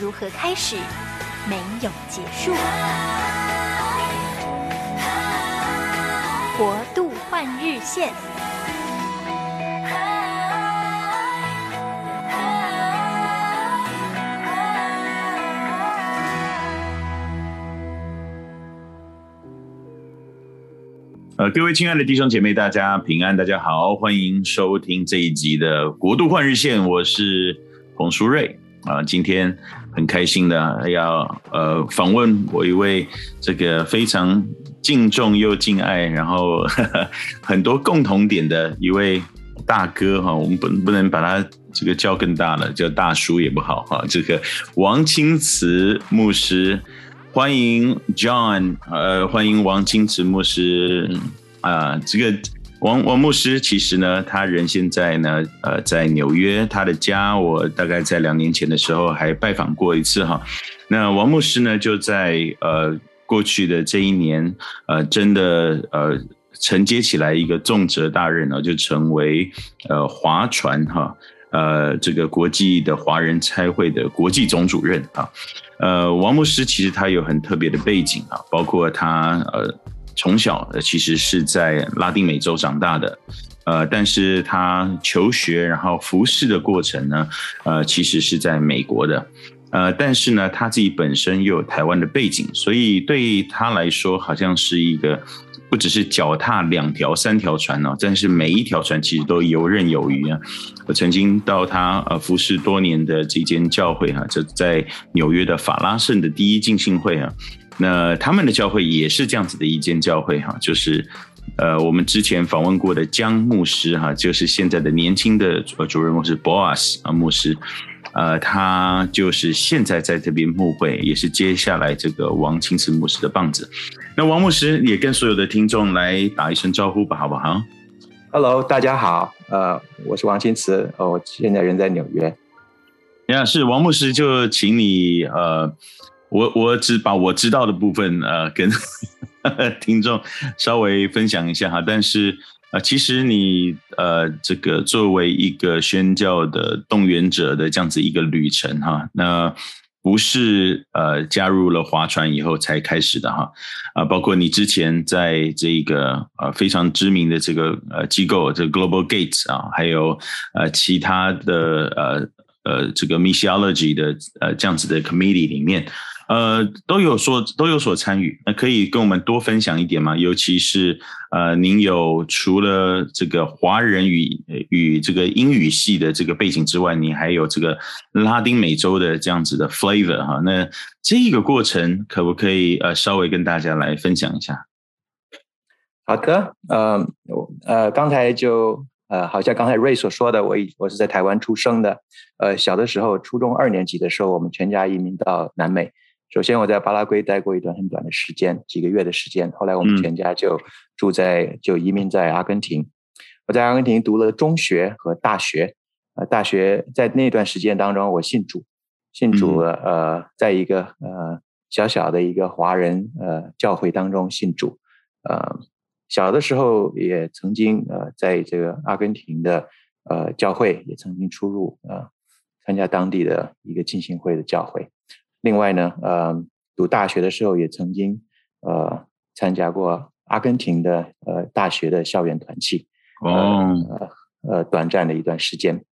如何開始，沒有結束。國度換日線。呃，各位親愛的弟兄姐妹，大家平安，大家好，歡迎收聽這一集的《國度換日線》，我是彭書睿。啊，今天很開心的要呃訪問我一位這個非常敬重又敬愛，然後呵呵很多共同點的一位大哥哈，我們不不能把他這個叫更大了，叫大叔也不好哈，這個王欽慈牧師，歡迎 John，呃，歡迎王欽慈牧師啊，呃，這個。王王牧師，其實呢，他人現在呢，呃，在紐約，他的家，我大概在兩年前的時候還拜訪過一次哈。那王牧師呢，就在呃過去的這一年，呃，真的呃承接起來一個重責大任，啊，就成為呃華傳。哈，啊，呃這個國際的華人差會的國際總主任啊。呃，王牧師其實他有很特別的背景啊，包括他呃。從小呃其實是在拉丁美洲長大的，呃，但是他求學然後服侍的過程呢，呃，其實是在美國的，呃，但是呢，他自己本身又有台灣的背景，所以對他來說好像是一個不只是腳踏兩條三條船哦啊，但是每一條船其實都游刃有餘啊。我曾經到他呃服侍多年的這間教會啊，就在紐約的法拉盛的第一浸信會啊。那他們的教會也是這樣子的一間教會哈、啊，就是，呃，我們之前訪問過的江牧師哈、啊，就是現在的年輕的主主任牧師 Boas 啊牧師，呃，他就是現在在這邊牧會，也是接下來這個王欽慈牧師的棒子。那王牧師也跟所有的聽眾來打一聲招呼吧，好不好？Hello，大家好，呃，我是王欽慈，我、哦、現在人在紐約。李、啊、是王牧師就請你呃。我我只把我知道的部分呃，跟聽眾稍微分享一下哈，但是呃，其實你呃，這個作為一個宣教的動員者的這樣子一個旅程哈，那不是呃加入了華傳以後才開始的哈啊、呃，包括你之前在這個呃非常知名的這個呃機構，這個、Global Gates 啊，還有呃其他的呃呃這個 Missiology 的呃這樣子的 committee 裡面。呃，都有說都有所參與，那可以跟我們多分享一點嗎？尤其是呃，您有除了這個華人語與這個英語系的這個背景之外，你還有這個拉丁美洲的這樣子的 flavor 哈、啊？那這個過程可不可以呃稍微跟大家來分享一下？好的，呃呃，剛才就呃，好像剛才睿所說的，我我是在台灣出生的，呃，小的時候初中二年級的時候，我們全家移民到南美。首先，我在巴拉圭待過一段很短的時間，幾個月的時間。後來，我們全家就住在，嗯、就移民在阿根廷。我在阿根廷讀了中學和大學。呃、大學在那段時間當中，我信主，信主呃，在一個呃小小的、一個華人呃教會當中信主。呃，小的時候也曾經呃，在這個阿根廷的呃教會也曾經出入啊、呃，參加當地的一個浸信會的教會。另外呢，呃，讀大學的時候也曾經，呃，參加過阿根廷的呃大學的校園團契，嗯、呃哦。呃，呃，短暫的一段時間，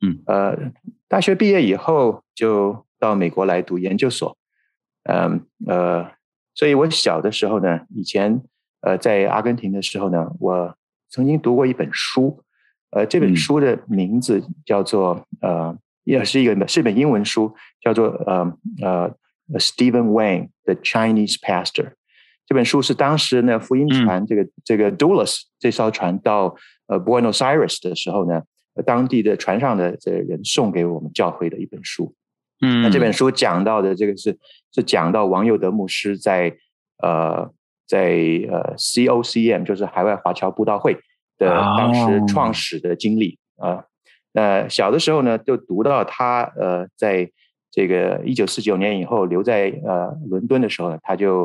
嗯，呃，大學畢業以後就到美國來讀研究所，嗯、呃，呃，所以我小的時候呢，以前呃在阿根廷的時候呢，我曾經讀過一本書，呃，這本書的名字叫做、嗯、呃。也是一個是一本英文書，叫做呃呃、um, uh, Stephen Wang the Chinese Pastor。這本書是當時呢福音船，這個、嗯、這個 Doulos 這艘船到呃 Buenos Aires 的時候呢，當地的船上的這人送給我們教會的一本書。嗯、那這本書講到的這個是是講到王又德牧師在呃在呃 COCM，就是海外華僑布道會的當時創始的經歷啊。哦呃呃，小的時候呢，就讀到他呃，在這個一九四九年以後留在呃倫敦的時候呢，他就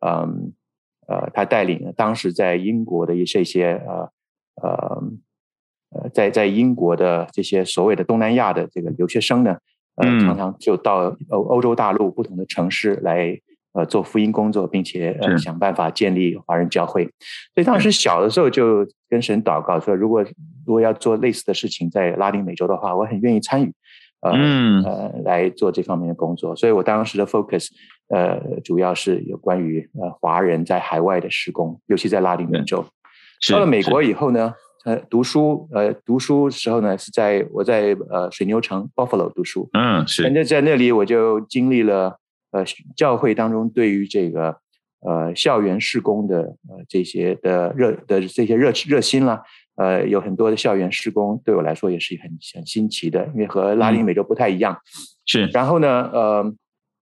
嗯呃，呃，他帶領當時在英國的一些一些呃呃，在在英國的這些所謂的東南亞的這個留學生呢，呃，常常就到歐歐洲大陸不同的城市來。呃，做福音工作，並且呃想辦法建立華人教會，是所以當時小的時候就跟神禱告說，如果如果要做類似的事情在拉丁美洲的話，我很願意參與，呃、嗯、呃來做這方面的工作。所以，我當時的 focus 呃主要是有關於呃華人在海外的事工，尤其在拉丁美洲。是到了美國以後呢，是呃讀書呃讀書時候呢是在我在呃水牛城 Buffalo 讀書，嗯是，在那裡我就經歷了。呃，教會當中對於這個呃校園事工的呃這些的熱的這些熱熱心啦，呃，有很多的校園事工對我來說也是很很新奇的，因為和拉丁美洲不太一樣。嗯、是。然後呢，呃，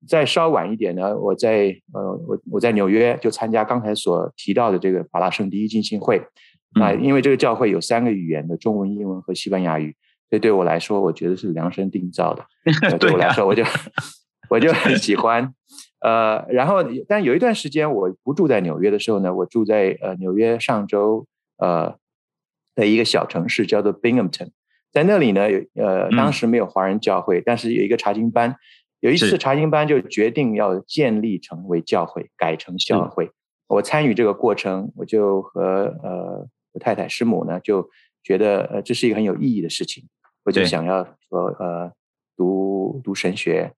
再稍晚一點呢，我在呃我我在紐約就參加剛才所提到的這個法拉盛第一浸信會、嗯呃、因為這個教會有三個語言的，中文、英文和西班牙語，這對我來說我覺得是量身定造的。對，對我來說，我就、啊。 我就很喜歡，呃，然後但有一段時間我不住在紐約的時候呢，我住在呃紐約上州呃的一個小城市叫做 Binghamton，在那裡呢，有呃當時沒有華人教會，嗯、但是有一個查經班，有一次查經班就決定要建立成為教會，是改成教會，是我參與這個過程，我就和呃我太太師母呢就覺得呃這是一個很有意義的事情，我就想要說對呃讀讀神學。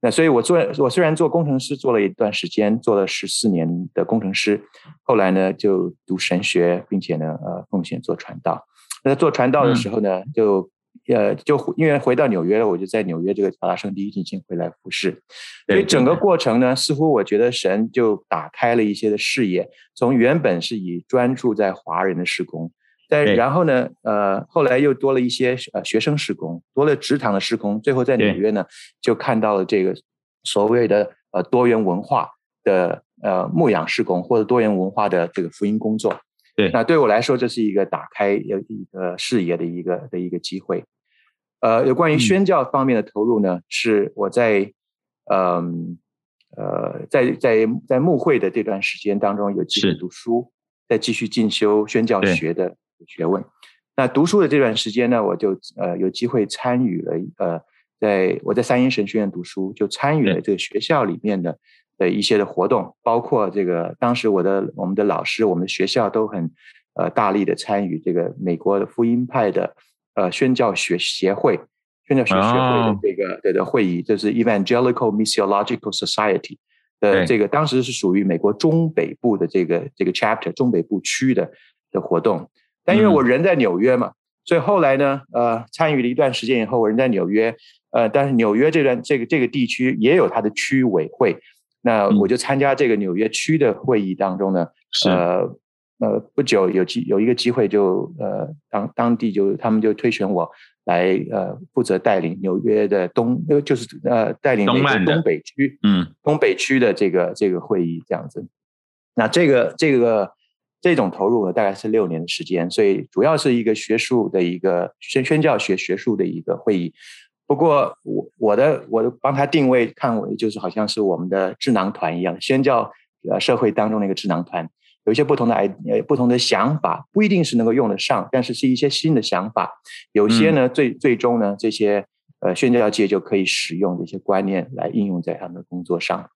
那所以，我做我雖然做工程師做了一段時間，做了十四年的工程師，後來呢就讀神學，並且呢呃奉獻做傳道。那做傳道的時候呢，就呃就因為回到紐約了，我就在紐約這個法拉盛第一浸信會來服侍。所以整個過程呢，似乎我覺得神就打開了一些的視野，從原本是以專注在華人的事工。但然後呢，對呃，後來又多了一些呃學生事工，多了職場的事工，最後在紐約呢，對就看到了這個所謂的呃多元文化的呃牧養事工，或者多元文化的這個福音工作。對，那對我來說，這是一個打開呃一,一個視野的一個的一個機會。呃，有關於宣教方面的投入呢，嗯、是我在嗯呃、呃在在在牧會的這段時間當中，有繼續讀書，是在繼續進修宣教學的學問，那讀書的這段時間呢，我就呃有機會參與了呃，在我在三一神學院讀書，就參與了這個學校裡面的的、嗯、一些的活動，包括這個當時我的我們的老師，我們學校都很呃大力的參與這個美國的福音派的呃宣教學協會宣教學協會的這個的、哦、的會議，這、就是 Evangelical Missiological Society 的對這個當時是屬於美國中北部的這個這個 Chapter 中北部區的的活動。但因為我人在紐約嘛，嗯、所以後來呢，呃，參與了一段時間以後，我人在紐約，呃，但是紐約這段這個這個地區也有它的區委會，那我就參加這個紐約區的會議當中呢，嗯、呃呃，不久有機有一個機會就呃當當地就他們就推選我來呃負責帶領紐約的東，就是呃帶領那個東北區，嗯，東北區的這個這個會議這樣子，那這個這個。這種投入呢，大概是六年的時間，所以主要是一個學術的一個宣宣教學學術的一個會議。不過我，我我的我的幫他定位，看為就是好像是我們的智囊團一樣，宣教呃社會當中的一個智囊團，有一些不同的哎呃不同的想法，不一定是能夠用得上，但是是一些新的想法。有些呢，嗯、最最終呢，這些呃宣教界就可以使用的一些觀念來應用在他們的工作上。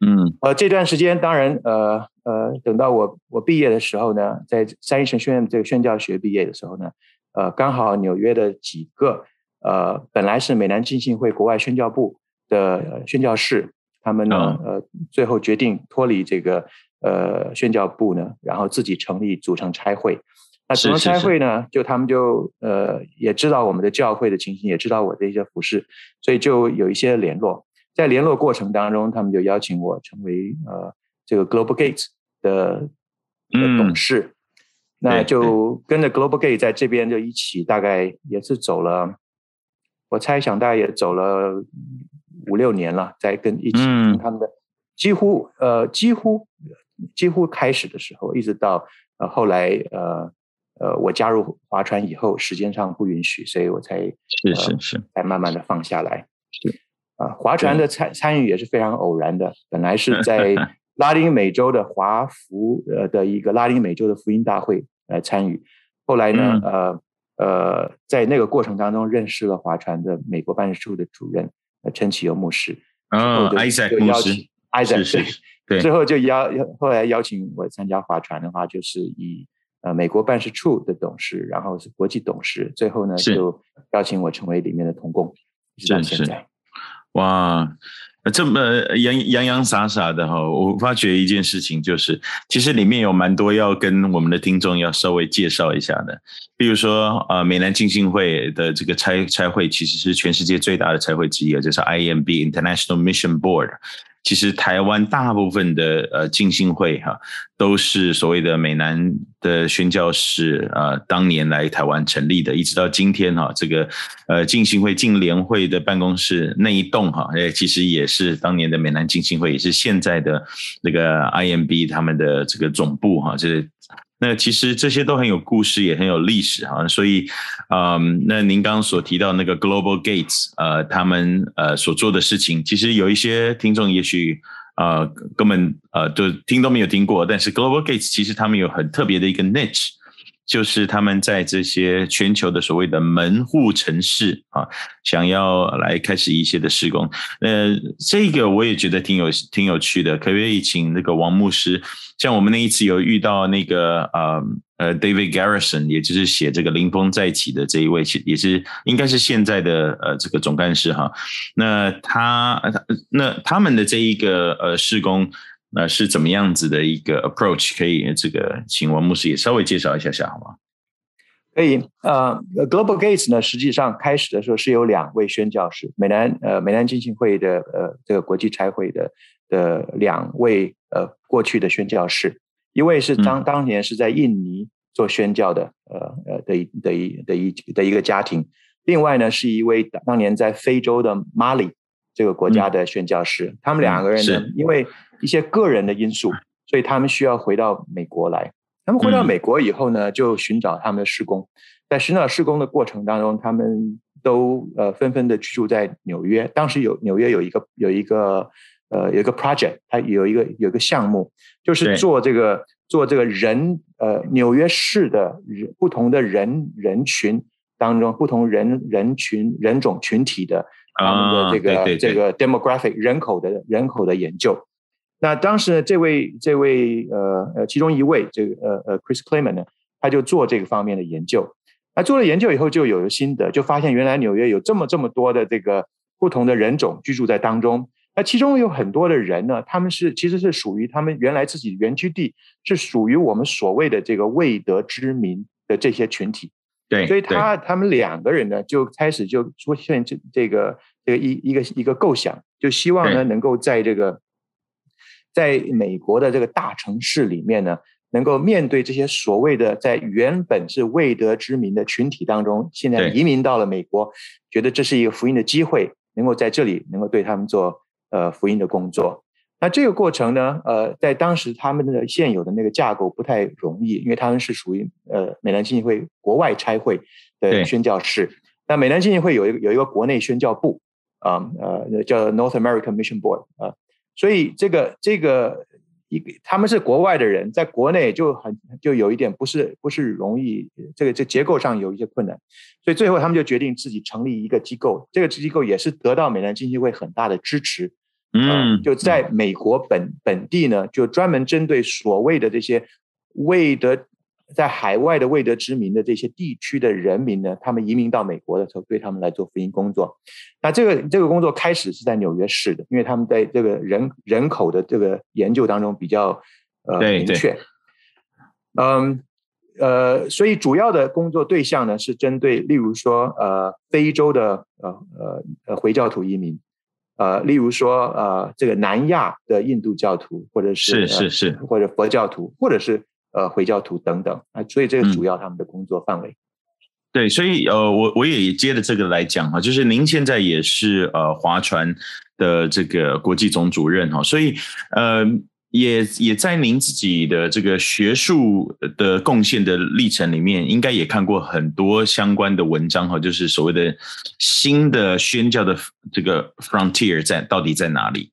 嗯，呃，這段時間當然，呃呃，等到我我畢業的時候呢，在三一神學院這個宣教學畢業的時候呢，呃，剛好紐約的幾個呃，本來是美南浸信會國外宣教部的宣教士，他們呢、嗯、呃最後決定脫離這個呃宣教部呢，然後自己成立組成差會。那組成差會呢，是是是就他們就呃也知道我們的教會的情形，也知道我的一些服事，所以就有一些聯絡。在聯絡過程當中，他們就邀請我成為呃這個 Global Gate 的，的董事，嗯、那就跟着 Global Gate 在這邊就一起，大概也是走了，我猜想大概也走了五六年了，在跟一起、嗯、跟他們的幾、呃，幾乎呃幾乎幾乎開始的時候，一直到呃後來呃呃我加入華傳以後，時間上不允許，所以我才，呃、是是是，才慢慢的放下來。啊，呃、華傳的參參與也是非常偶然的。對本來是在拉丁美洲的華福呃的一個拉丁美洲的福音大會來參與，後來呢，嗯、呃呃，在那個過程當中認識了華傳的美國辦事處的主任，呃、陳啟友牧師。嗯，Isaac 牧師。Isaac 對，最後就邀，後來邀請我參加華傳的話，就是以呃美國辦事處的董事，然後是國際董事，最後呢就邀請我成為裡面的同工，是直到現在。是是哇，這麼洋洋洋灑灑的哈，我發覺一件事情就是，其實裡面有蠻多要跟我們的聽眾要稍微介紹一下的，比如說啊，美南浸信會的這個差差會其實是全世界最大的差會之一，就是 IMB, International Mission Board。其實台灣大部分的呃浸信會哈、啊，都是所謂的美南的宣教士啊，當年來台灣成立的，一直到今天哈、啊，這個呃浸信會浸聯會的辦公室那一棟哈，哎，其實也是當年的美南浸信會，也是現在的那個 IMB 他們的這個總部哈、啊，這、就是那其實這些都很有故事，也很有歷史啊。所以，嗯，那您剛剛所提到那個 Global Gates，呃，他們呃所做的事情，其實有一些聽眾也許呃根本呃就聽都沒有聽過。但是 Global Gates 其實他們有很特別的一個 niche，就是他們在這些全球的所謂的門戶城市啊，想要來開始一些的事工。那這個我也覺得挺有挺有趣的。可不可以請那個王牧師？像我們那一次有遇到那個呃 David Garrison，也就是寫這個《臨風再起》的這一位，是也是應該是現在的呃這個總幹事哈。那他那他們的這一個呃事工呃是怎麼樣子的一個 approach？可以這個請王牧師也稍微介紹一下下好嗎？所以，呃，Global Gates 呢，實際上開始的時候是有兩位宣教士，美南呃美南浸信會的呃這個國際差會的的兩位呃過去的宣教士，一位是當當年是在印尼做宣教的，呃呃的一的一的一的，的一個家庭，另外呢是一位當年在非洲的馬里這個國家的宣教士，嗯、他們兩個人呢是因為一些個人的因素，所以他們需要回到美國來。他們回到美國以後呢，嗯、就尋找他們的事工。在尋找事工的過程當中，他們都呃紛紛地居住在紐約。當時有紐約有一個有一個呃有一個 project，它有一個有一個項目，就是做這個對做這個人呃紐約市的人不同的人人群當中不同人人群人種群體的、啊、他們的這個對對對這個 demographic 人口的人口的研究。那當時呢，這位這位呃呃，其中一位這個呃呃，Chris Clayman 呢，他就做這個方面的研究。他做了研究以後，就有了心得，就發現原來紐約有這麼這麼多的這個不同的人種居住在當中。那其中有很多的人呢，他們是其實是屬於他們原來自己原居地，是屬於我們所謂的這個未得之民的這些群體。對，對所以他他們兩個人呢，就開始就出現這這個這個一一個一個構想，就希望呢對能夠在這個。在美國的這個大城市裡面呢，能夠面對這些所謂的在原本是未得之民的群體當中，現在移民到了美國，對覺得這是一個福音的機會，能夠在這裡能夠對他們做呃福音的工作。對那這個過程呢，呃，在當時他們的現有的那個架構不太容易，因為他們是屬於呃美南浸會國外差會的宣教士。對那美南浸會有一個有一個國內宣教部，嗯呃,呃叫 North American Mission Board 啊、呃。所以這個這個一個，他們是國外的人，在國內就很就有一點不是不是容易，這個這個、結構上有一些困難，所以最後他們就決定自己成立一個機構，這個機構也是得到美南浸信會很大的支持，嗯、呃，就在美國本本地呢，就專門針對所謂的這些未得。在海外的未得之民的這些地區的人民呢，他們移民到美國的時候，對他們來做福音工作。那這個這個工作開始是在紐約市的，因為他們在這個人人口的這個研究當中比較呃明確。嗯呃，所以主要的工作對象呢是針對，例如說呃非洲的呃呃呃回教徒移民，呃，例如說呃這個南亞的印度教徒或者是是是，或者佛教徒或者是。是是是呃，回教徒等等啊，所以這個主要他們的工作範圍。嗯、對，所以呃，我我也接着這個來講哈，就是您現在也是呃，華傳的這個國際總主任哈，所以呃。也也在您自己的這個學術的貢獻的歷程裡面，應該也看過很多相關的文章哈，就是所謂的新的宣教的這個 frontier 在到底在哪裡？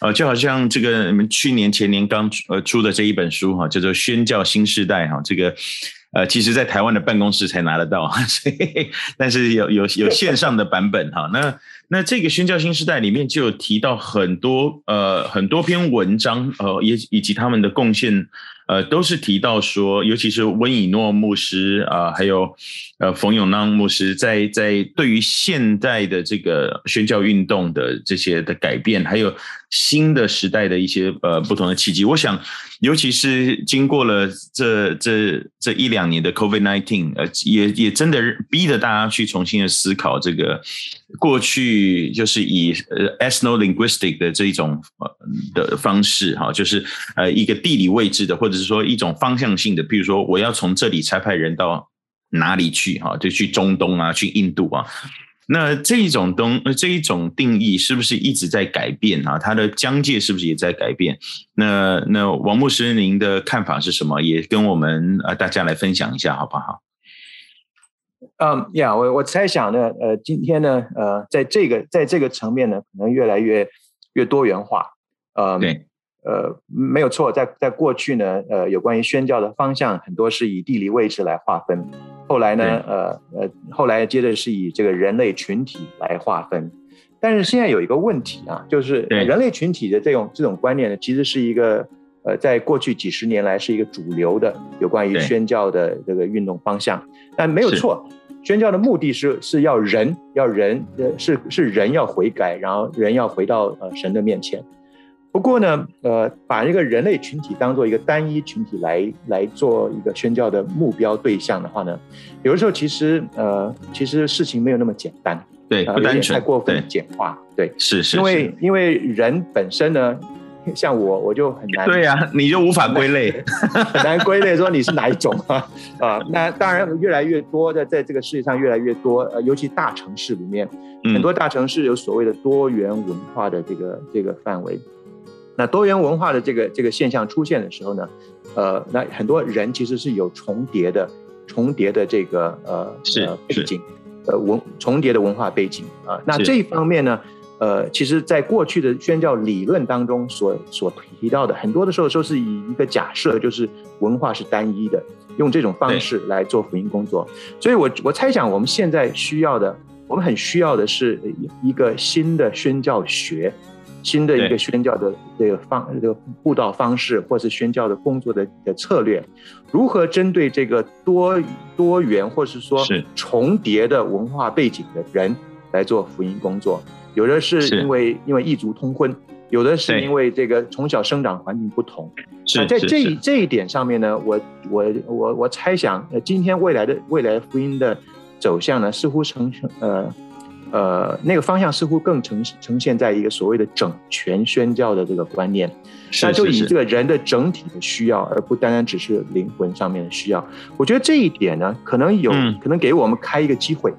啊，就好像這個你們去年前年剛呃出的這一本書哈，叫做《宣教新時代》哈，這個。呃，其實，在台灣的辦公室才拿得到哈，所以，但是有有有線上的版本哈。 那那這個宣教新時代裡面就有提到很多呃很多篇文章，呃也以及他們的貢獻。呃，都是提到說，尤其是溫以諾牧師啊、呃，還有呃馮永剛牧師在，在在對於現代的這個宣教運動的這些的改變，還有新的時代的一些呃不同的契機。我想，尤其是經過了這這這一兩年的 COVID-19，呃，也也真的逼着大家去重新的思考這個。過去就是以呃 ethno-linguistic 的這一種的方式哈，就是呃一個地理位置的，或者是說一種方向性的，比如說我要從這裡差派人到哪裡去哈，就去中東啊，去印度啊。那這一種東，這一種定義是不是一直在改變啊？它的疆界是不是也在改變？那那王牧師，您的看法是什麼？也跟我們呃大家來分享一下，好不好？嗯呀，um, yeah, 我我猜想呢，呃，今天呢，呃，在這個在這個層面呢，可能越來越越多元化，呃，對，呃，沒有錯，在在過去呢，呃，有關於宣教的方向很多是以地理位置來劃分，後來呢，呃對呃，後來接着是以這個人類群體來劃分，但是現在有一個問題啊，就是人類群體的這種對這種觀念呢，其實是一個。呃，在過去幾十年來，是一個主流的有關於宣教的這個運動方向。對但沒有錯，是宣教的目的是是要人，要人，呃，是是人要悔改，然後人要回到呃神的面前。不過呢，呃，把一個人類群體當做一個單一群體來來做一個宣教的目標對象的話呢，有的時候其實呃，其實事情沒有那麼簡單，對，呃、不能太過分的簡化，對，是對是，因為因為人本身呢。像我，我就很難。對呀、啊，你就無法歸類，很難歸類說你是哪一種啊？ 啊，那當然越來越多，的在這個世界上越來越多，呃，尤其大城市裡面，很多大城市有所謂的多元文化的這個這個範圍。那多元文化的這個這個現象出現的時候呢，呃，那很多人其實是有重疊的，重疊的這個呃是背景，呃文、呃、重疊的文化背景啊、呃。那這一方面呢？呃，其實，在過去的宣教理論當中所，所所提到的很多的時候，都是以一個假設，就是文化是單一的，用這種方式來做福音工作。對所以我，我我猜想，我們現在需要的，我們很需要的是一個新的宣教學，新的一個宣教的這個方、對這個布道方式，或是宣教的工作的的策略，如何針對這個多多元或是說重疊的文化背景的人來做福音工作。有的是因為是因為異族通婚，有的是因為這個從小生長環境不同。那在這一這一點上面呢，我我我我猜想，今天未來的未來的婚姻的走向呢，似乎呈呃呃那個方向似乎更呈、呃呃呃那個、呈現在一個所謂的整全宣教的這個觀念，那就以這個人的整體的需要，而不單單只是靈魂上面的需要。我覺得這一點呢，可能有、嗯、可能給我們開一個機會。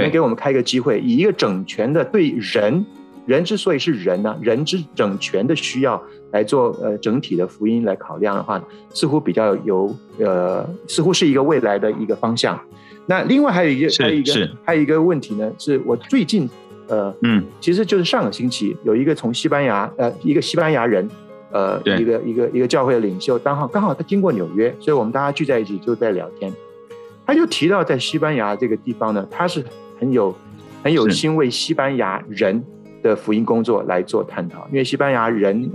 能給我們開一個機會，以一個整全的對人，人之所以是人呢，啊，人之整全的需要來做呃整體的福音來考量的話，似乎比較有呃，似乎是一個未來的一個方向。那另外還有一個是還有一個是還有一個問題呢，是我最近呃嗯，其實就是上個星期有一個從西班牙呃一個西班牙人呃對一個一個一個教會的領袖，剛好剛好他經過紐約，所以我們大家聚在一起就在聊天，他就提到在西班牙這個地方呢，他是。很有很有心為西班牙人的福音工作來做探討，是因為西班牙人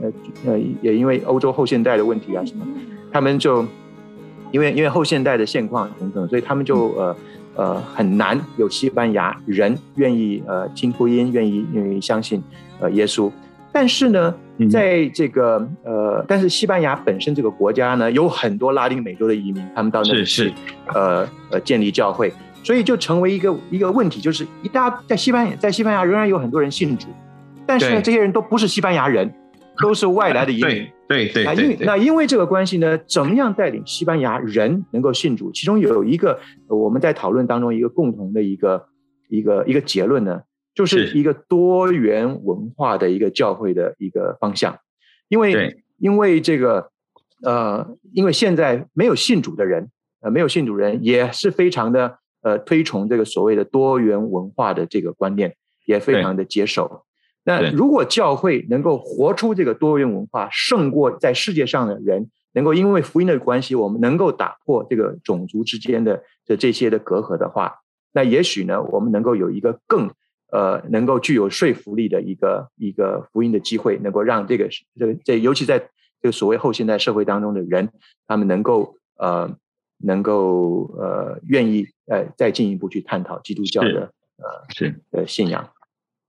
呃呃也因為歐洲後現代的問題啊什麼，他們就因為因為後現代的現況等等，所以他們就呃呃很難有西班牙人願意呃聽福音，願意願意相信呃耶穌。但是呢，嗯、在這個呃，但是西班牙本身這個國家呢，有很多拉丁美洲的移民，他們到那裡去是是呃呃建立教會。所以就成為一個一個問題，就是一大在西班牙，在西班牙仍然有很多人信主，但是這些人都不是西班牙人，對都是外來移民。對對對。那因為那因為這個關係呢，怎麼樣帶領西班牙人能夠信主？其中有一個我們在討論當中一個共同的一個一個一個結論呢，就是一個多元文化的一個教會的一個方向。因為對因為這個呃，因為現在沒有信主的人，呃，沒有信主人也是非常的。呃，推崇這個所謂的多元文化的這個觀念，也非常的接受。對。那如果教會能夠活出這個多元文化，勝過在世界上的人能夠因為福音的關係，我們能夠打破這個種族之間的這這些的隔閡的話，那也許呢，我們能夠有一個更呃能夠具有說服力的一個一個福音的機會，能夠讓這個這這尤其在這個所謂後現代社會當中的人，他們能夠呃能夠呃願意。呃，再進一步去探討基督教的是呃是的信仰，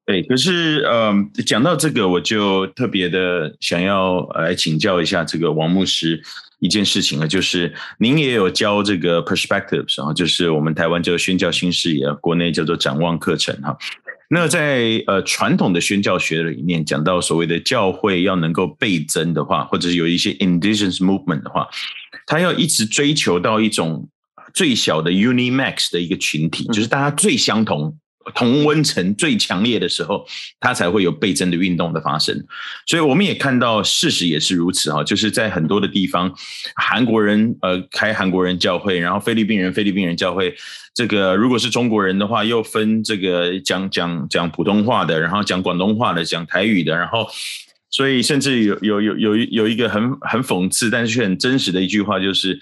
對，可是呃講到這個，我就特別的想要來請教一下這個王牧師一件事情啊，就是您也有教這個 perspectives 啊，就是我們台灣叫宣教新視野，國內叫做展望課程哈。那在呃傳統的宣教學裡面，講到所謂的教會要能夠倍增的話，或者是有一些 indigenous movement 的話，他要一直追求到一種。最小的 Unimax 的一個群體，就是大家最相同同溫層最強烈的時候，它才會有倍增的運動的發生。所以我們也看到事實也是如此哈、哦，就是在很多的地方，韓國人呃開韓國人教會，然後菲律賓人菲律賓人教會，這個如果是中國人的話，又分這個講講講普通話的，然後講廣東話的，講台語的，然後所以甚至有有有有一有一個很很諷刺，但是卻很真實的一句話就是。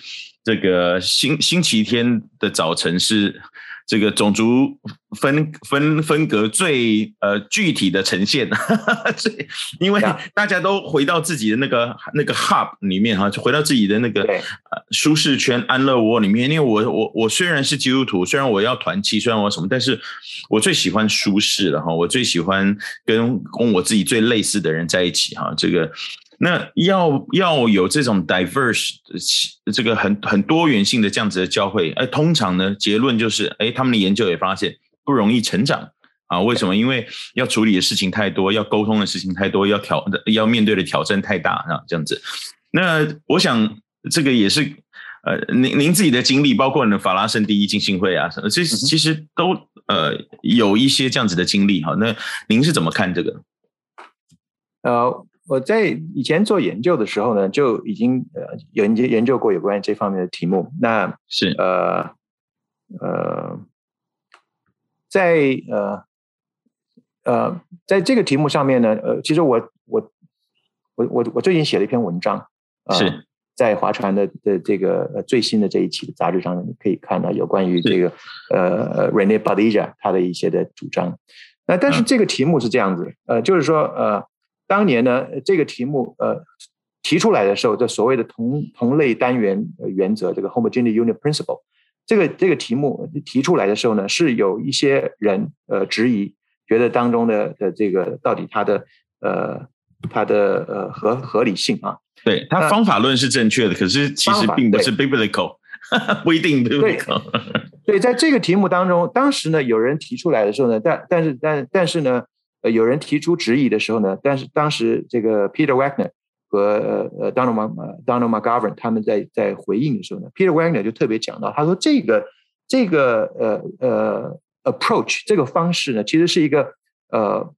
這個星星期天的早晨是這個種族分分分隔最呃具體的呈現，哈哈最因為大家都回到自己的那個那個 hub 裡面哈、啊，就回到自己的那個舒適圈安樂窩裡面。對因為我我我雖然是基督徒，雖然我要團契，雖然我什麼，但是我最喜歡舒適的哈，我最喜歡跟跟我自己最類似的人在一起哈，這個。那要要有這種 diverse 這個很很多元性的這樣子的教會，哎，通常呢結論就是，哎、欸，他們的研究也發現不容易成長啊？為什麼？因為要處理的事情太多，要溝通的事情太多，要挑要面對的挑戰太大啊，這樣子。那我想這個也是，呃，您您自己的經歷，包括呢法拉盛第一浸信會啊，什麼，其實其實都呃有一些這樣子的經歷哈。好，那您是怎麼看這個？我在以前做研究的時候呢，就已經呃研究研究過有關這方面的題目。那是呃呃，在呃呃在這個題目上面呢，呃，其實我我我我我最近寫了一篇文章，呃，是在華傳的的這個最新的這一期的雜誌上，你可以看到有關於這個是呃 Rene Badija 他的一些的主張。那但是這個題目是這樣子，嗯、呃，就是說呃。當年呢，這個題目呃提出來的時候，這所謂的同同類單元原則，這個 homogeneous unit principle，這個這個題目提出來的時候呢，是有一些人呃質疑，覺得當中的的這個到底它的呃它的呃合合理性啊？對，它方法論是正確的，那可是其實並不是 biblical， 不一定 biblical。對，在這個題目當中，當時呢有人提出來的時候呢，但但是但但是呢。呃，有人提出質疑的時候呢，但是當時這個 Peter Wagner 和呃呃 Donald Mac Donald McGavran 他們在在回應的時候呢，Peter Wagner 就特別講到，他說這個這個呃呃 approach 這個方式呢，其實是一個呃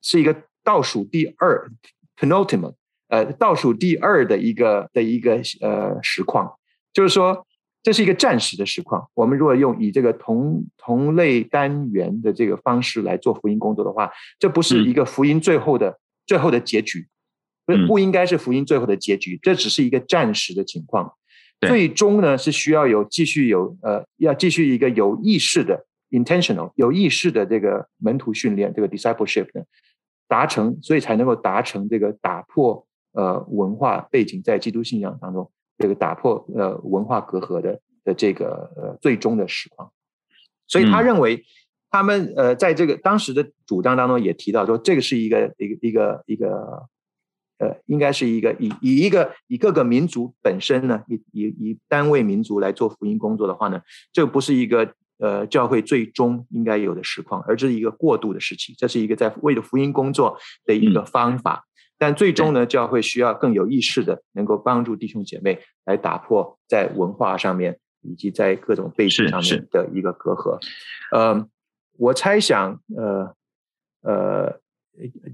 是一個倒數第二 penultimate 呃倒數第二的一個的一個呃實況，就是說。這是一個暫時的實況。我們如果用以這個同同類單元的這個方式來做福音工作的話，這不是一個福音最後的最後的結局，不不應該是福音最後的結局。這只是一個暫時的情況。最終呢，是需要有繼續有呃，要繼續一個有意識的 intentional 有意識的這個門徒訓練這個 discipleship 的達成，所以才能夠達成這個打破呃文化背景在基督信仰當中，這個打破呃文化隔閡的的這個呃最終的實況，所以他認為他們呃在這個當時的主張當中也提到說，這個是一個一個一個一個呃，應該是一個以以一個以各個民族本身呢以以以單位民族來做福音工作的話呢，這不是一個呃教會最終應該有的實況，而這是一個過渡的事情，這是一個在為了福音工作的一個方法。嗯但最終呢，教會需要更有意識的，能夠幫助弟兄姐妹來打破在文化上面以及在各種背景上面的一個隔閡。呃，我猜想，呃呃，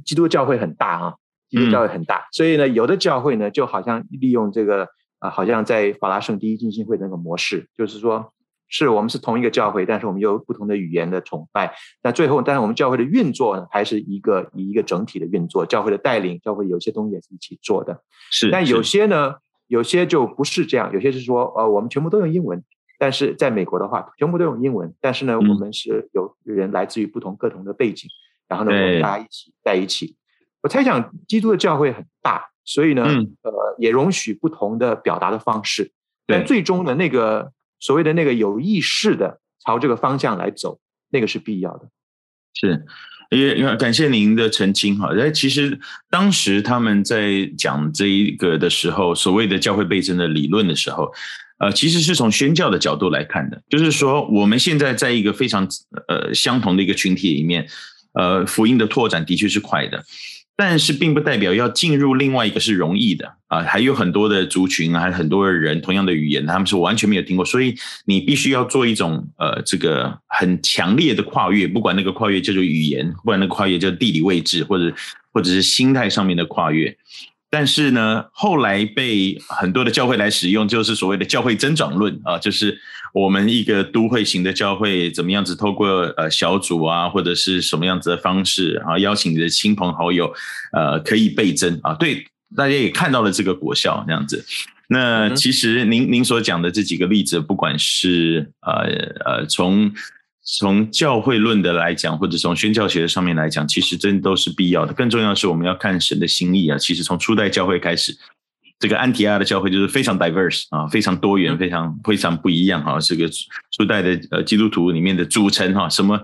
基督教會很大啊，基督教會很大，嗯、所以呢，有的教會呢，就好像利用這個呃好像在法拉盛第一浸信會那個模式，就是說。是，我們是同一個教會，但是我們有不同的語言的崇拜。那最後，但是我們教會的運作呢，還是一個以一個整體的運作。教會的帶領，教會有些東西也是一起做的。是，但有些呢，是有些就不是這樣。有些是說，呃，我們全部都用英文。但是在美國的話，全部都用英文。但是呢，我們是有人來自於不同各種的背景。嗯、然後呢，我們大家一起、嗯、在一起。我猜想，基督的教會很大，所以呢，呃，也容許不同的表達的方式。嗯、但最終呢，那個。所謂的那個有意識的朝這個方向來走，那個是必要的。是，也要感謝您的澄清哈。哎，其實當時他們在講這個的時候，所謂的教會倍增的理論的時候，呃，其實是從宣教的角度來看的，就是說我們現在在一個非常，呃，相同的一個群體裡面，呃，福音的拓展的確是快的。但是並不代表要進入另外一個是容易的啊，還有很多的族群啊，還有很多的人同樣的語言，他們是我完全沒有聽過，所以你必須要做一種呃，這個很強烈的跨越，不管那個跨越叫做語言，不管那個跨越叫地理位置，或者或者是心態上面的跨越。但是呢，後來被很多的教會來使用，就是所謂的教會增長論啊，就是。我們一個都會型的教會怎麼樣子？透過呃小組啊，或者是什麼樣子的方式啊，邀請你的親朋好友，呃，可以倍增啊。對，大家也看到了這個果效這樣子。那其實您、嗯、您所講的這幾個例子，不管是呃呃從從教會論的來講，或者從宣教學的上面來講，其實真都是必要的。更重要的是，我們要看神的心意啊。其實從初代教會開始。這個安提阿的教會就是非常 diverse 啊，非常多元，非常非常不一樣哈。這個初代的呃基督徒裡面的組成哈，什麼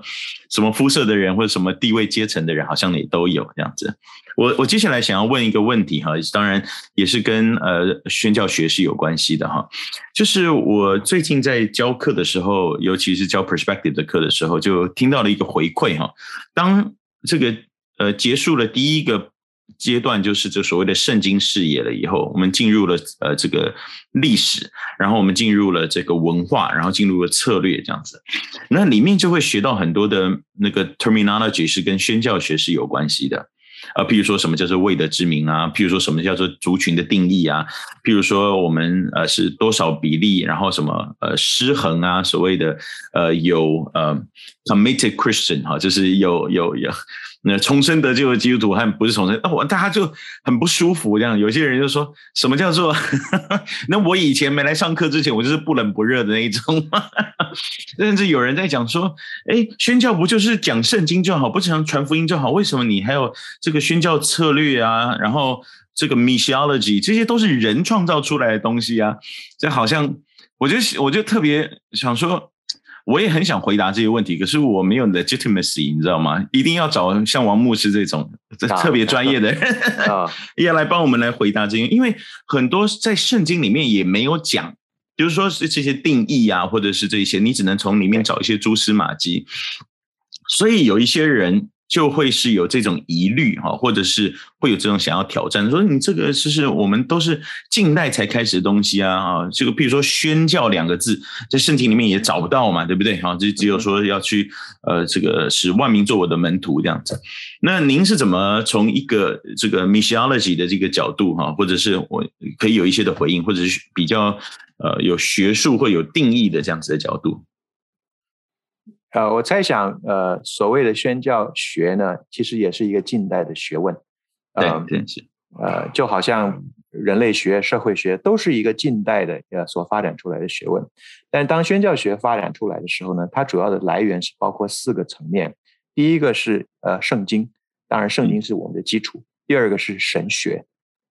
什麼膚色的人或者什麼地位階層的人，好像也都有這樣子。我我接下來想要問一個問題哈，當然也是跟呃宣教學是有關係的哈。就是我最近在教課的時候，尤其是教 perspective 的課的時候，就聽到了一個回饋哈。當這個呃結束了第一個。階段就是這所謂的聖經視野了。以後我們進入了呃這個歷史，然後我們進入了這個文化，然後進入了策略這樣子，那裡面就會學到很多的那個 terminology 是跟宣教學是有關係的啊，譬如說什麼叫做未得之民啊，譬如說什麼叫做族群的定義啊，譬如說我們呃是多少比例，然後什麼呃失衡啊，所謂的呃有呃。有呃 committed Christian 哈，就是有有有那重生得救的基督徒，他不是重生啊？我大家就很不舒服這樣。有些人就說，什麼叫做？ 那我以前沒來上課之前，我就是不冷不熱的那一種嘛。 甚至有人在講說，哎，宣教不就是講聖經就好，不只講傳福音就好？為什麼你還有這個宣教策略啊？然後這個 missiology，這些都是人創造出來的東西啊。這好像，我就我就特別想說。我也很想回答這些問題，可是我沒有 legitimacy，你知道嗎？一定要找像王牧師這種特別專業的人， 也來幫我們來回答這些。因為很多在聖經裡面也沒有講，比如說是這些定義啊，或者是這些，你只能從裡面找一些蛛絲馬跡。所以有一些人。就會是有這種疑慮哈，或者是會有這種想要挑戰，說你這個是是我們都是近代才開始的東西啊，這個比如說“宣教”兩個字，在聖經裡面也找不到嘛，對不對？好，就只有說要去呃，這個使萬民做我的門徒這樣子。那您是怎麼從一個這個 missiology 的這個角度哈，或者是我可以有一些的回應，或者是比較呃有學術或有定義的這樣子的角度？呃，我猜想，呃，所謂的宣教學呢，其實也是一個近代的學問。呃、對，對呃，就好像人類學、社會學都是一個近代的呃所發展出來的學問。但當宣教學發展出來的時候呢，它主要的來源是包括四個層面。第一個是呃聖經，當然聖經是我們的基礎。嗯、第二個是神學，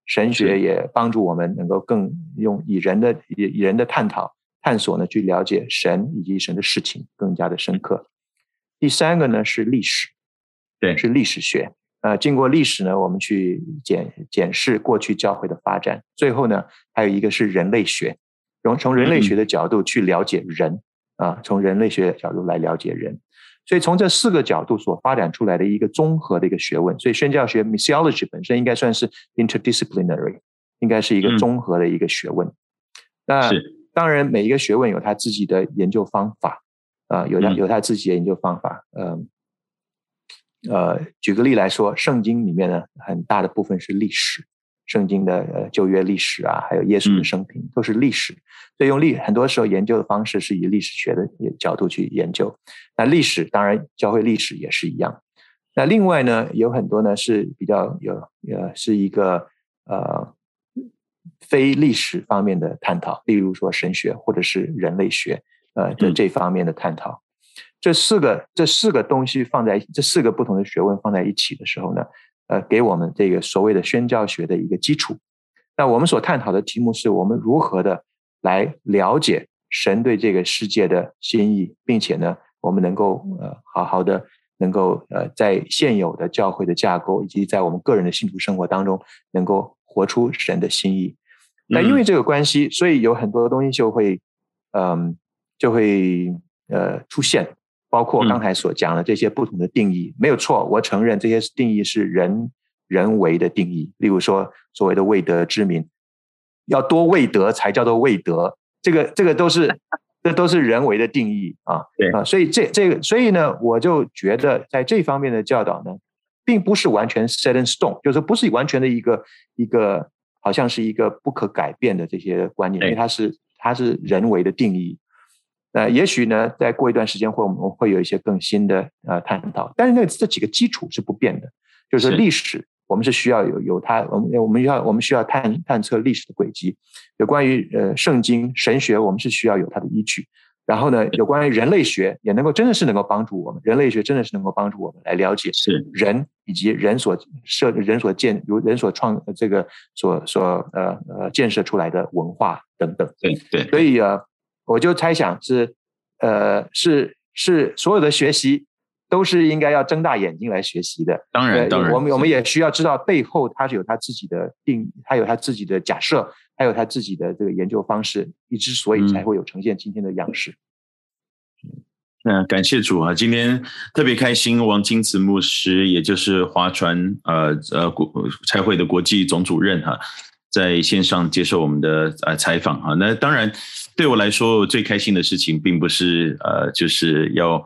神學也幫助我們能夠更用以人的以，以人的探討。探索呢，去了解神以及神的事情更加的深刻。嗯、第三個呢是歷史，對，是歷史學。呃，經過歷史呢，我們去檢檢視過去教會的發展。最後呢，還有一個是人類學，然後從人類學的角度去了解人啊、嗯呃，從人類學的角度來了解人。所以從這四個角度所發展出來的一個綜合的一個學問。所以宣教學 missiology 本身應該算是 interdisciplinary，應該是一個綜合的一個學問。嗯、那當然，每一個學問有他自己的研究方法，啊、呃，有他有他自己的研究方法。呃呃，舉個例來說，聖經裡面呢，很大的部分是歷史，聖經的、呃、舊約歷史啊，還有耶穌的生平都是歷史，嗯、所以用歷很多時候研究的方式是以歷史學的角度去研究。那歷史當然教會歷史也是一樣。那另外呢，有很多呢是比較有呃是一個呃。非歷史方面的探討，例如說神學或者是人類學，呃，的這，這方面的探討。這四個這四個東西放在這四個不同的學問放在一起的時候呢，呃，給我們這個所謂的宣教學的一個基礎。那我們所探討的題目是我們如何的來了解神對這個世界的心意，並且呢，我們能夠呃好好的能夠呃在現有的教會的架構以及在我們個人的信徒生活當中能夠。活出神的心意，那因為這個關係，所以有很多東西就會，嗯、呃，就會呃出現，包括剛才所講的這些不同的定義，嗯、沒有錯，我承認這些定義是人人為的定義，例如說所謂的“未得之民”，要多未得才叫做未得，這個這個都是這都是人為的定義啊對啊，所以這這個，所以呢，我就覺得在這方面的教導呢。並不是完全 set in stone，就是不是完全的一個一個，好像是一個不可改變的這些觀念，因為它是它是人為的定義。呃，也許呢，再過一段時間會我們會有一些更新的呃探討，但是那這幾個基礎是不變的，就是歷史，是我們是需要有有它，我們我們要我們需要探探測歷史的軌跡，有關於呃聖經神學，我們是需要有它的依據。然後呢，有關於人類學，也能夠真的是能夠幫助我們，人類學真的是能夠幫助我們來了解是，人以及人所設、人所建、如人所創這個所所呃呃建設出來的文化等等。對對，對。所以啊，我就猜想是，呃，是是所有的學習。都是應該要睜大眼睛來學習的。當然，對當然，我們我們也需要知道背後他是有他自己的定義，他有他自己的假設，有它有他自己的這個研究方式。你之所以才會有呈現今天的樣式、嗯。那感謝主啊！今天特別開心，王欽慈牧師，也就是華傳呃呃國差會的國際總主任哈、啊，在線上接受我們的呃採訪哈、啊。那當然，對我來說最開心的事情，並不是呃，就是要。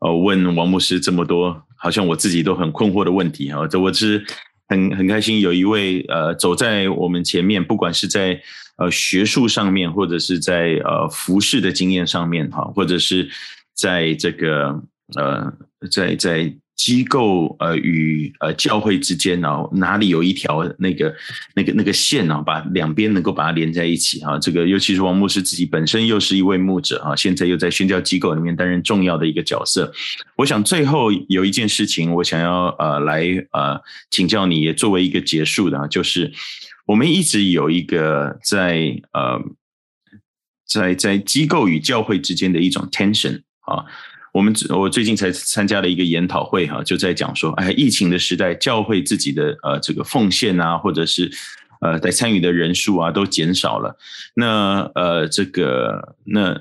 呃，問王牧師這麼多，好像我自己都很困惑的問題啊。這我是很很開心，有一位呃走在我們前面，不管是在呃學術上面，或者是在呃服事的經驗上面，哈，或者是在這個呃在在。在機構呃與呃教會之間呢，啊，哪裡有一條那個那個那個線啊，把兩邊能夠把它連在一起啊？這個尤其是王牧師自己本身又是一位牧者啊，現在又在宣教機構裡面擔任重要的一個角色。我想最後有一件事情，我想要呃來呃請教你，也作為一個結束的啊，就是我們一直有一個在呃在在機構與教會之間的一種 tension 啊。我們我最近才參加了一個研討會哈、啊，就在講說、哎，疫情的時代，教會自己的呃這個奉獻啊，或者是呃在參與的人數啊，都減少了。那呃這個那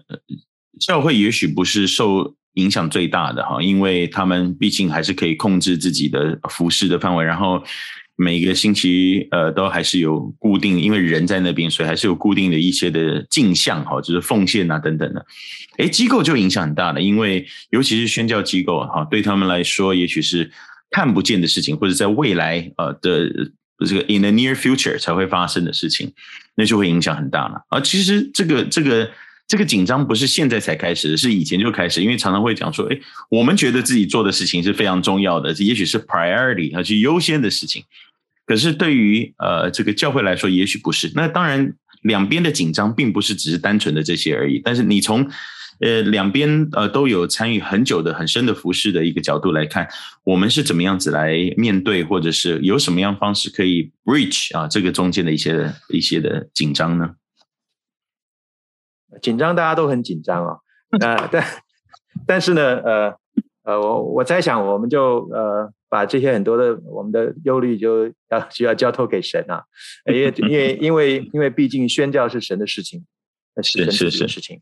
教會也許不是受影響最大的哈、啊，因為他們畢竟還是可以控制自己的服事的範圍，然後。每一個星期，呃，都還是有固定，因為人在那邊，所以還是有固定的一些的進項，哈、哦，就是奉獻啊等等的。哎、欸，機構就影響很大了，因為尤其是宣教機構，哈、哦，對他們來說，也許是看不見的事情，或者在未來，呃的這個 in the near future 才會發生的事情，那就會影響很大了。而、啊、其實這個這個這個緊張不是現在才開始，是以前就開始，因為常常會講說，哎、欸，我們覺得自己做的事情是非常重要的，這也許是 priority 還是優先的事情。可是對於呃這個教會來說，也許不是。那當然，兩邊的緊張並不是只是單純的這些而已。但是你從，呃兩邊呃都有參與很久的很深的服侍的一個角度來看，我們是怎麼樣子來面對，或者是有什麼樣方式可以 bridge 啊這個中間的一些一些的緊張呢？緊張，大家都很緊張啊、哦、啊，但、 呃、但是呢，呃。呃，我我猜想，我們就呃把這些很多的我們的憂慮，就要需要交托給神了，啊，因為因為因為因為畢竟宣教是神的事情， 是神的事情。是是是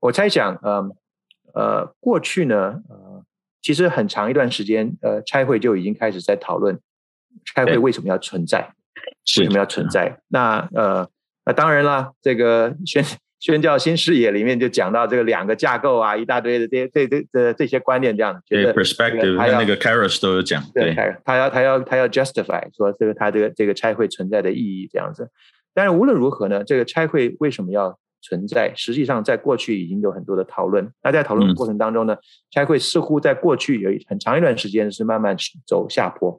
我猜想，嗯呃，呃，過去呢，呃，其實很長一段時間，呃，差會就已經開始在討論，差會為什麼要存在，為什麼要存在？那呃，那當然了，這個宣。宣教新視野裡面就講到這個兩個架構啊，一大堆的這這這這些觀念，這樣的。對，perspective，那個 Kairos 都有講。對，對他要他要他要 justify 說這個他這個這個差會存在的意義這樣子。但是無論如何呢，這個差會為什麼要存在？實際上在過去已經有很多的討論。那在討論的過程當中呢，差會、嗯、似乎在過去有很長一段時間是慢慢走下坡。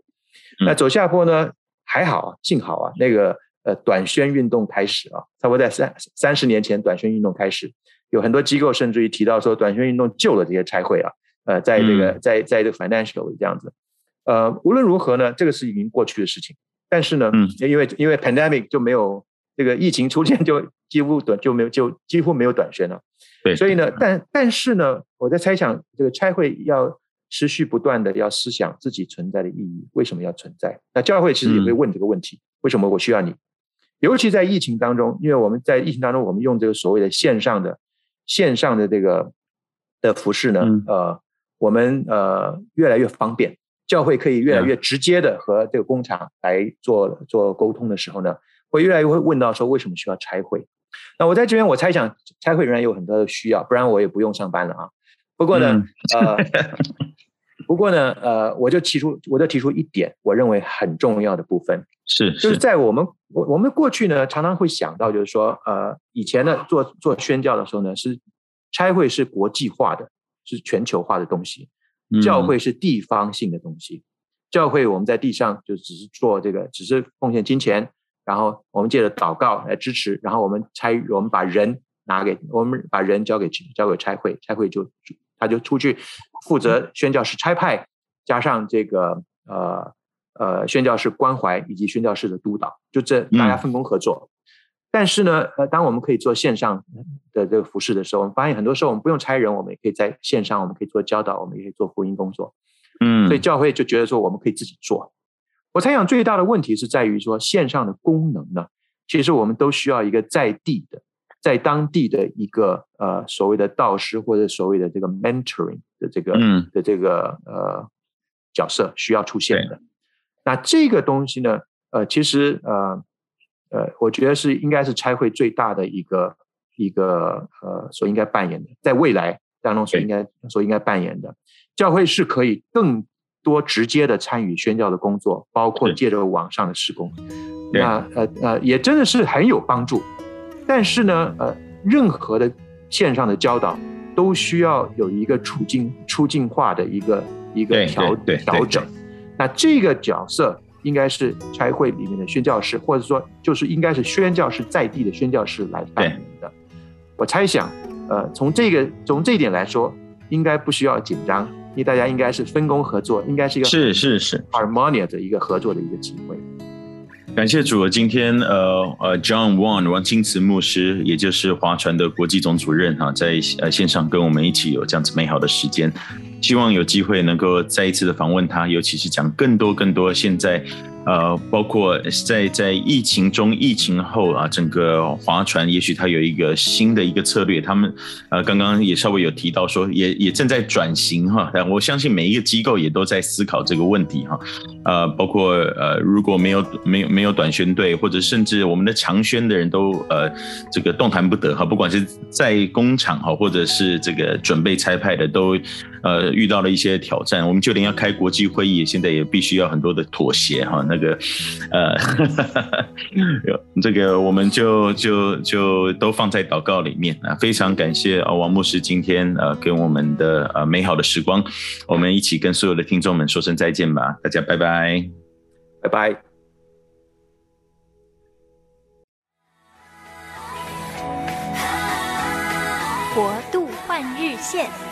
嗯、那走下坡呢，還好，幸好啊，那個。呃，短宣運動開始啊，差不多在三三十年前，短宣運動開始，有很多機構甚至於提到說，短宣運動救了這些差會啊。呃，在這個、嗯、在在這個 financial 這樣子，呃，無論如何呢，這個是已經過去的事情。但是呢，嗯、因為因為 pandemic 就沒有這個疫情出現，就幾乎短就沒有就幾乎沒有短宣了。對，所以呢，對但但是呢，我在猜想這個差會要持續不斷的要思想自己存在的意義，為什麼要存在？那教會其實也會問這個問題：嗯、為什麼我需要你？尤其在疫情當中，因為我們在疫情當中，我們用這個所謂的線上的、線上的這個的服事呢，嗯、呃，我們呃越來越方便，教會可以越來越直接的和這個工場來做做溝通的時候呢，會越來越會問到說為什麼需要差會？那我在這邊，我猜想差會仍然有很多的需要，不然我也不用上班了啊。不過呢，嗯、呃， 不過呢，呃，我就提出我就提出一點，我認為很重要的部分。是，是就是在我們我我們過去呢，常常會想到，就是說，呃，以前呢做做宣教的時候呢，是差會是國際化的，是全球化的東西，教會是地方性的東西，嗯、教會我們在地上就只是做這個，只是奉獻金錢，然後我們借着禱告來支持，然後我們差我們把人拿給，我們把人交給交給差會，差會就他就出去負責宣教拆，是差派加上這個呃。呃，宣教士關懷以及宣教士的督導，就這大家分工合作。嗯、但是呢，呃，當我們可以做線上的這個服事的時候，我們發現很多時候我們不用差人，我們也可以在線上，我們可以做教導，我們也可以做福音工作。嗯，所以教會就覺得說我們可以自己做。我猜想最大的問題是在於說線上的功能呢，其實我們都需要一個在地的，在當地的一個呃所謂的導師或者所謂的這個 mentoring 的這個嗯的這個呃角色需要出現的。嗯那這個東西呢，呃，其實呃呃，我覺得是應該是差會最大的一個一個呃所應該扮演的，在未來當中所應該對所應該扮演的，教會是可以更多直接的參與宣教的工作，包括借着網上的事工，對那呃呃也真的是很有幫助。但是呢，呃，任何的線上的教導都需要有一個處境處境化的一個一個調調整。那這個角色應該是差會裡面的宣教士，或者說就是應該是宣教士在地的宣教士來扮演的。對我猜想，呃，從這個從這一點來說，應該不需要緊張，因為大家應該是分工合作，應該是一個是是是 harmonious 的一個合作的一個機會。感謝主，今天呃呃，John Won 王欽慈牧師，也就是華傳的國際總主任哈、啊，在呃線上跟我們一起有這樣子美好的時間。希望有機會能夠再一次的訪問他，尤其是講更多更多。現在，呃，包括在在疫情中、疫情後啊，整個華傳，也許他有一個新的一個策略。他們呃，剛剛也稍微有提到說也，也也正在轉型哈。但我相信每一個機構也都在思考這個問題哈。呃、啊，包括呃，如果沒有沒有沒有短宣隊，或者甚至我們的長宣的人都呃這個動彈不得哈。不管是在工場哈，或者是這個準備差派的都。呃，遇到了一些挑戰，我們就連要開國際會議，現在也必須要很多的妥協哈。那個，呃， 這個我們就就就都放在禱告裡面啊。非常感謝啊，王牧師今天呃跟我們的呃美好的時光，我們一起跟所有的聽眾們說聲再見吧，大家拜拜，拜拜。國度換日線。